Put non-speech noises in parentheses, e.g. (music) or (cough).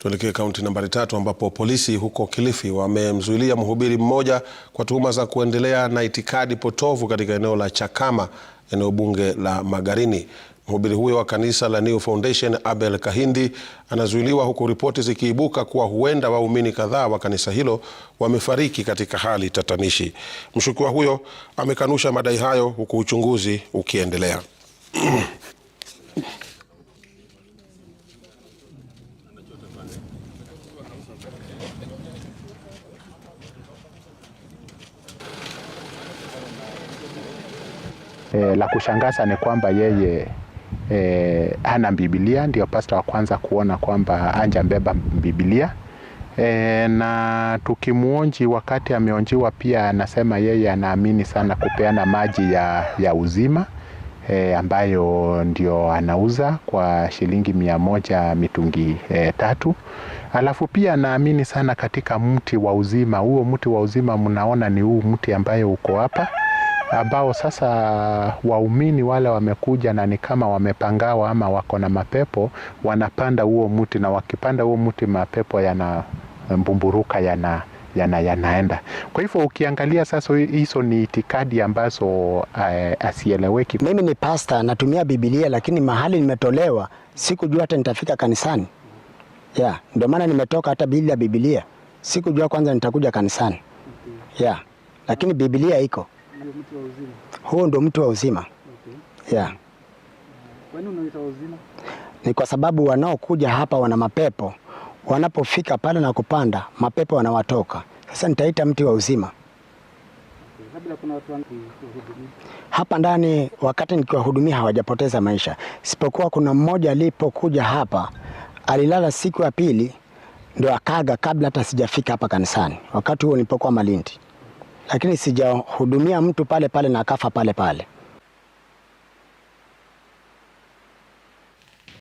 Tuelekee kaunti nambari tatu ambapo polisi huko Kilifi wamemzuilia mhubiri mmoja kwa tuhuma za kuendelea na itikadi potovu katika eneo la Chakama, eneo bunge la Magarini. Mhubiri huyo wa kanisa la New Foundation Abel Kahindi anazuiliwa huku ripoti zikiibuka kuwa huenda waumini kadhaa wa kanisa hilo wamefariki katika hali tatanishi. Mshukiwa huyo amekanusha madai hayo huku uchunguzi ukiendelea. (clears throat) E, la kushangaza ni kwamba yeye e, eh, ana Biblia, ndio pasta wa kwanza kuona kwamba anjambeba Biblia. E, na tukimwonji wakati ameonjiwa pia anasema yeye anaamini sana kupeana maji ya, ya uzima e, ambayo ndio anauza kwa shilingi mia moja mitungi e, tatu. Alafu pia anaamini sana katika mti wa uzima. Huo mti wa uzima mnaona ni huu mti ambayo uko hapa ambao sasa waumini wale wamekuja na ni kama wamepangawa ama wako na mapepo, wanapanda huo mti, na wakipanda huo mti mapepo yana mbumburuka yana yana yanaenda. Kwa hivyo ukiangalia sasa, hizo ni itikadi ambazo uh, asieleweki. Mimi ni pasta, natumia Biblia, lakini mahali nimetolewa sikujua hata nitafika kanisani yeah. Ndio maana nimetoka hata bila Biblia, sikujua kwanza nitakuja kanisani yeah. Lakini Biblia iko huo ndo mti wa uzima okay. yeah. unaita uzima? Ni kwa sababu wanaokuja hapa wana mapepo, wanapofika pale na kupanda mapepo wanawatoka. Sasa nitaita mti wa uzima hapa ndani. Wakati nikiwahudumia hawajapoteza maisha, sipokuwa kuna mmoja alipokuja hapa alilala siku ya pili, ndio akaga kabla hata sijafika hapa kanisani, wakati huo nilipokuwa Malindi lakini sijahudumia mtu pale pale na akafa pale pale.